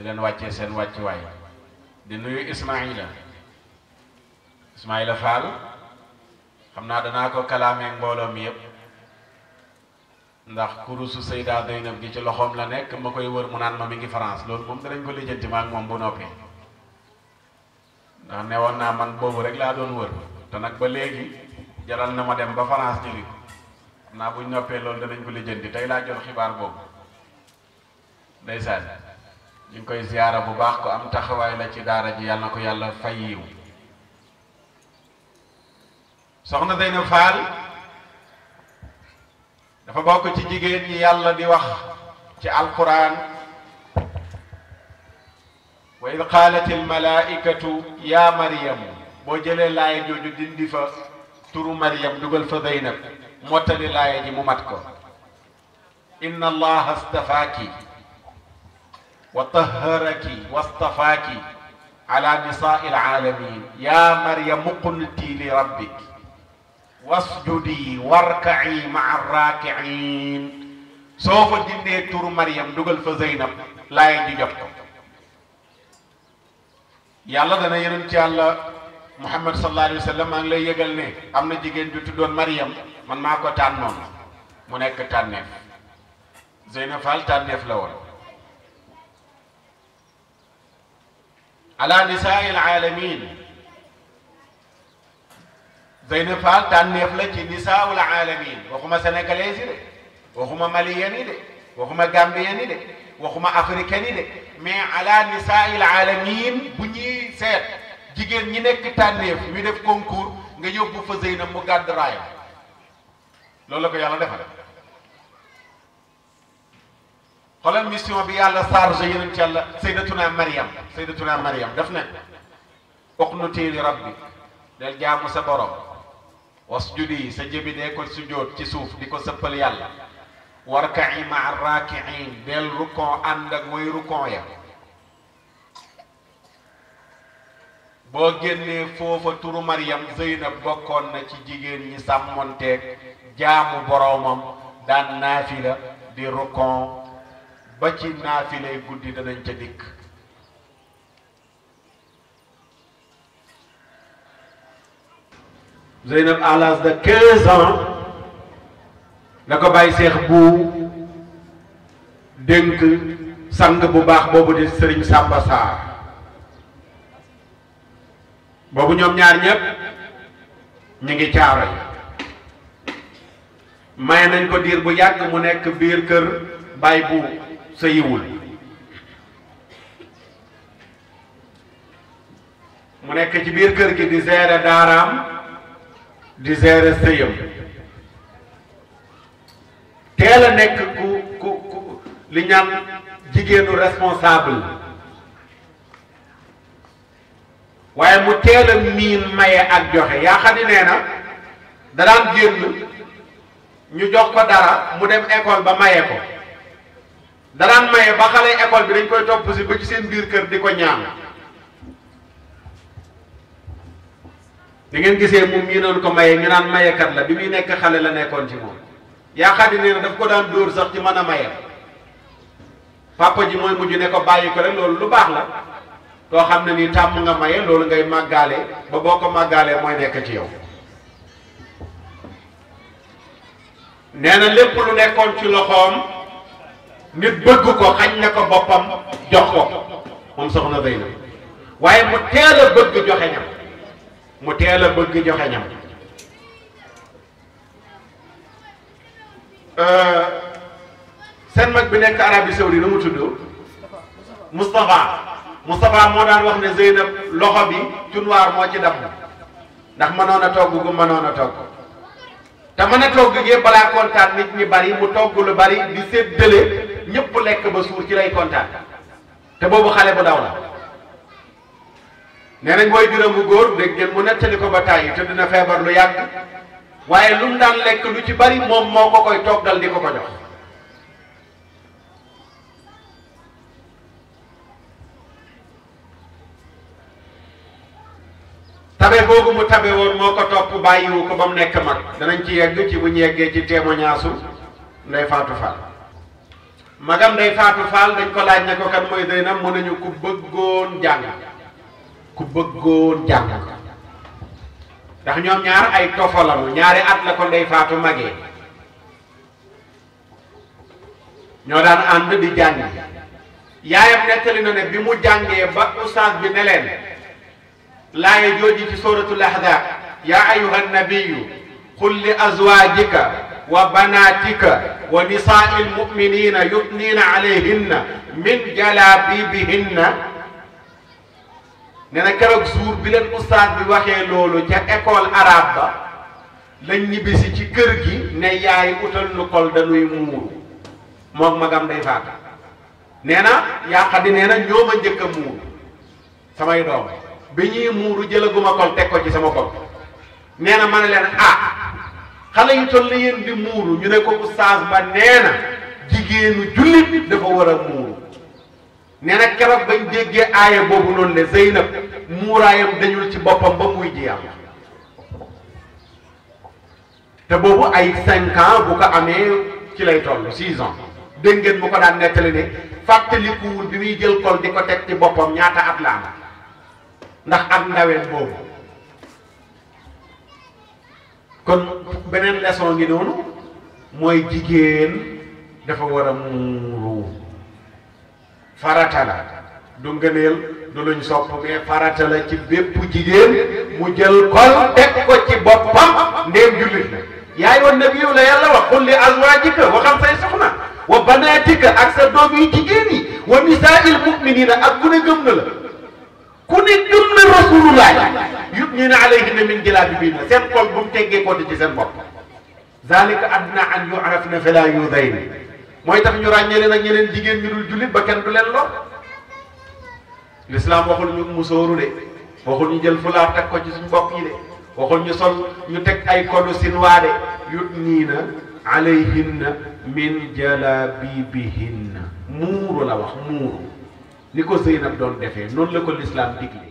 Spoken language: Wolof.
di leen wàccee seen wàccuwaay di nuyu Ismaïla Ismaïla Fall xam naa danaa ko kalaamee mbooloo mi yëpp ndax kurusu Seyda Zeynab gi ci loxoom la nekk ma koy wër mu naan ma mi ngi France loolu moom danañ ko lijjanti ma ak moom bu noppee ndax newoon naa man boobu rek laa doon wër te nag ba léegi jaral na ma dem ba France jëli xam naa buñ noppee loolu danañ ko lijjanti tey laa jot xibaar boobu ndeysaan ñu ngi koy ziyaara bu baax ko am taxawaay la ci daara ji yàlla na ko yàlla fay yiw soxna Zeyna dafa bokk ci jigéen ñi yàlla di wax ci alquran wa id qaalat almalaikatu ya mariam boo jëlee laaya jooju dindi fa turu mariam dugal fa Zeynab mottali laaya ji mu mat ko inna allaha wa tahharaki wastafaaki ala nisaa il aalamiin yaa maryam uqnutii li rabbik wasjudi warkaci maa raakiciin soo fa dindee turu Maryam dugal fa Zeynab laay ji jot ko yàlla dana yeneen ci yàlla Muhammad sallallahu alayhi wa sallam maa ngi lay yëgal ne am na jigéen ju tuddoon Maryam man maa ko tànnoon mu nekk tànneef Zeynab Fall tànneef la woon. ala nisaa'il aalamiin Zeynab Fall tànneef la ci nisaa'ul aalamiin waxuma sénégalais yi de waxuma maliyen yi de waxuma gambiyen yi de waxuma africain yi de mais ala nisaa'il aalamiin bu ñuy seet jigéen ñi nekk tànneef ñu def concours nga yóbbu fa Zeynab mu gàdd raaya loolu la ko yàlla defal xoolal mission bi yàlla chargé yeneen ci yàlla saydatuna mariam saydatuna mariam daf ne uqnuti li rabbi del jaamu sa borom wasjudi sa jëbi dee ko sujjóot ci suuf di ko sëppal yàlla warka'i ma'a raaki'iin del rukon ànd ak mooy rukon ya boo génnee foofa turu mariam zeynab bokkoon na ci jigéen ñi sàmmonteeg jaamu boroomam daan naafila di rukon ba ci naafilay guddi danañ ca dikk Zeynab à l'âge de quinze ans la ko bàyyi seex bu dénk sang bu baax boobu di sëriñ Samba Sarr boobu ñoom ñaar ñëpp ñu ngi caaro yi may nañ ko diir bu yàgg mu nekk biir kër bay bu sëyiwul mu nekk ci biir kër gi di gérer daaraam di gérer sëyam teel nekk ku ku ku li ñaan jigéenu responsable waaye mu teel a miin maye ak joxe yaa xam ne nee da daan génn ñu jox ko dara mu dem école ba maye ko danaan maye ba xale école bi dañ koy topp si ba ci seen biir kër di ko ñaan di ngeen gisee moom ñi doon ko maye ñu naan mayekat la bi muy nekk xale la nekkoon ci moom yaa xadi nee na daf ko daan dóor sax ci man a maye papa ji mooy mujj ne ko bàyyi ko rek loolu lu baax la loo xam ne nii tàmm nga maye lool ngay màggaale ba boo ko màggaalee mooy nekk ci yow nee na lépp lu nekkoon ci loxoom nit bëgg ko xañ ne ko boppam jox ko moom soxna béy na waaye mu teel a bëgg joxe mu teel a bëgg joxe ñam euh, seen mag bi nekk Arabie Saoudite nu mu tudd Moustapha Moustapha moo daan wax ne Zeynab loxo bi cunwaar moo ci na ndax mënoon a togg gu mënoon a togg te mën a togg gee balaa kontaan nit ñi bari mu togg lu bari di séddale ñëpp lekk ba suur ci lay kontaan te boobu xale bu daw la nee nañ booy juróom bu góor dégg ngeen mu nettali ko ba tàyyi te dina feebar lu yàgg waaye lu mu daan lekk lu ci bari moom moo ko koy toggal di ko ko jox tabe boobu mu tabe woon moo ko topp bàyyiwu ko ba mu nekk mag danañ ci yegg ci bu ñu yeggee ci témoignage su Ndeye Fatou magam day faatu faal dañ ko laaj ne ko kan mooy Zeynab mu nañu ku bëggoon jàng ku bëggoon jàng ndax ñoom ñaar ay tofalamu ñaari at la ko ndey faatu magee ñoo daan ànd di jàng yaayam nettali na ne bi mu jàngee ba ustaas bi ne leen laaye jooji ci sóoratul ahzab yaa ayyuhan nabiyyu qul li وبناتك ونساء المؤمنين يثنين عليهن من جلابيبهن nee na keroog jour bi leen ustaad bi waxee loolu ca école arabe ba lañ ñibbisi ci kër gi ne yaay utal nu kol dañuy muuru moom magam day faata nee na yaa nee na ñoo ma njëkk a muuru samay doom bi ñuy muuru jëlaguma kol teg ko ci sama kol nee na ma ne leen ah xale yu toll ni bi di muuru ñu ne ko oustaz ba nee jigéenu jullit dafa war a muuru nee na keroog bañ déggee aaya boobu noonu ne Zeynab muuraayam dañul ci boppam ba muy ji yàlla te boobu ay cinq bu ko amee ci lay toll six ans dégg ngeen mu ko daan nettali ne fàttalikuwul bi muy jël kol di ko teg ci boppam ñaata at laa am ndax am ndaween boobu kon beneen leçon ngi noonu mooy jigéen dafa war a muuru farata la du ngëneel du luñ sopp mais farata ci bépp jigéen mu jël kol teg ko ci boppam ndéem jullit la yaa ayyuhan nabiyyu la yàlla wax qul li azwaajika waxal say soxna wa banaatika ak sa doom yu jigéen yi wa nisaa'il mu'miniina ak ku ne gëm na la ku ne gëm na rasulullah yëpp ñu ne alayhi na min jilaabi bii na seen xol bu mu teggee ko di ci seen bopp zalika adna an yu'rafna fala yudayni mooy tax ñu ràññee leen ak ñeneen jigéen ñu dul jullit ba kenn du leen lor l'islam waxul ñu musóoru de waxul ñu jël fulaar teg ko ci suñu bopp yi de waxul ñu sol ñu teg ay kodu sinwaa de a alayhinna min jalaabibihinna muuru la wax muuru li ko Zeynab doon defee noonu la ko lislaam digle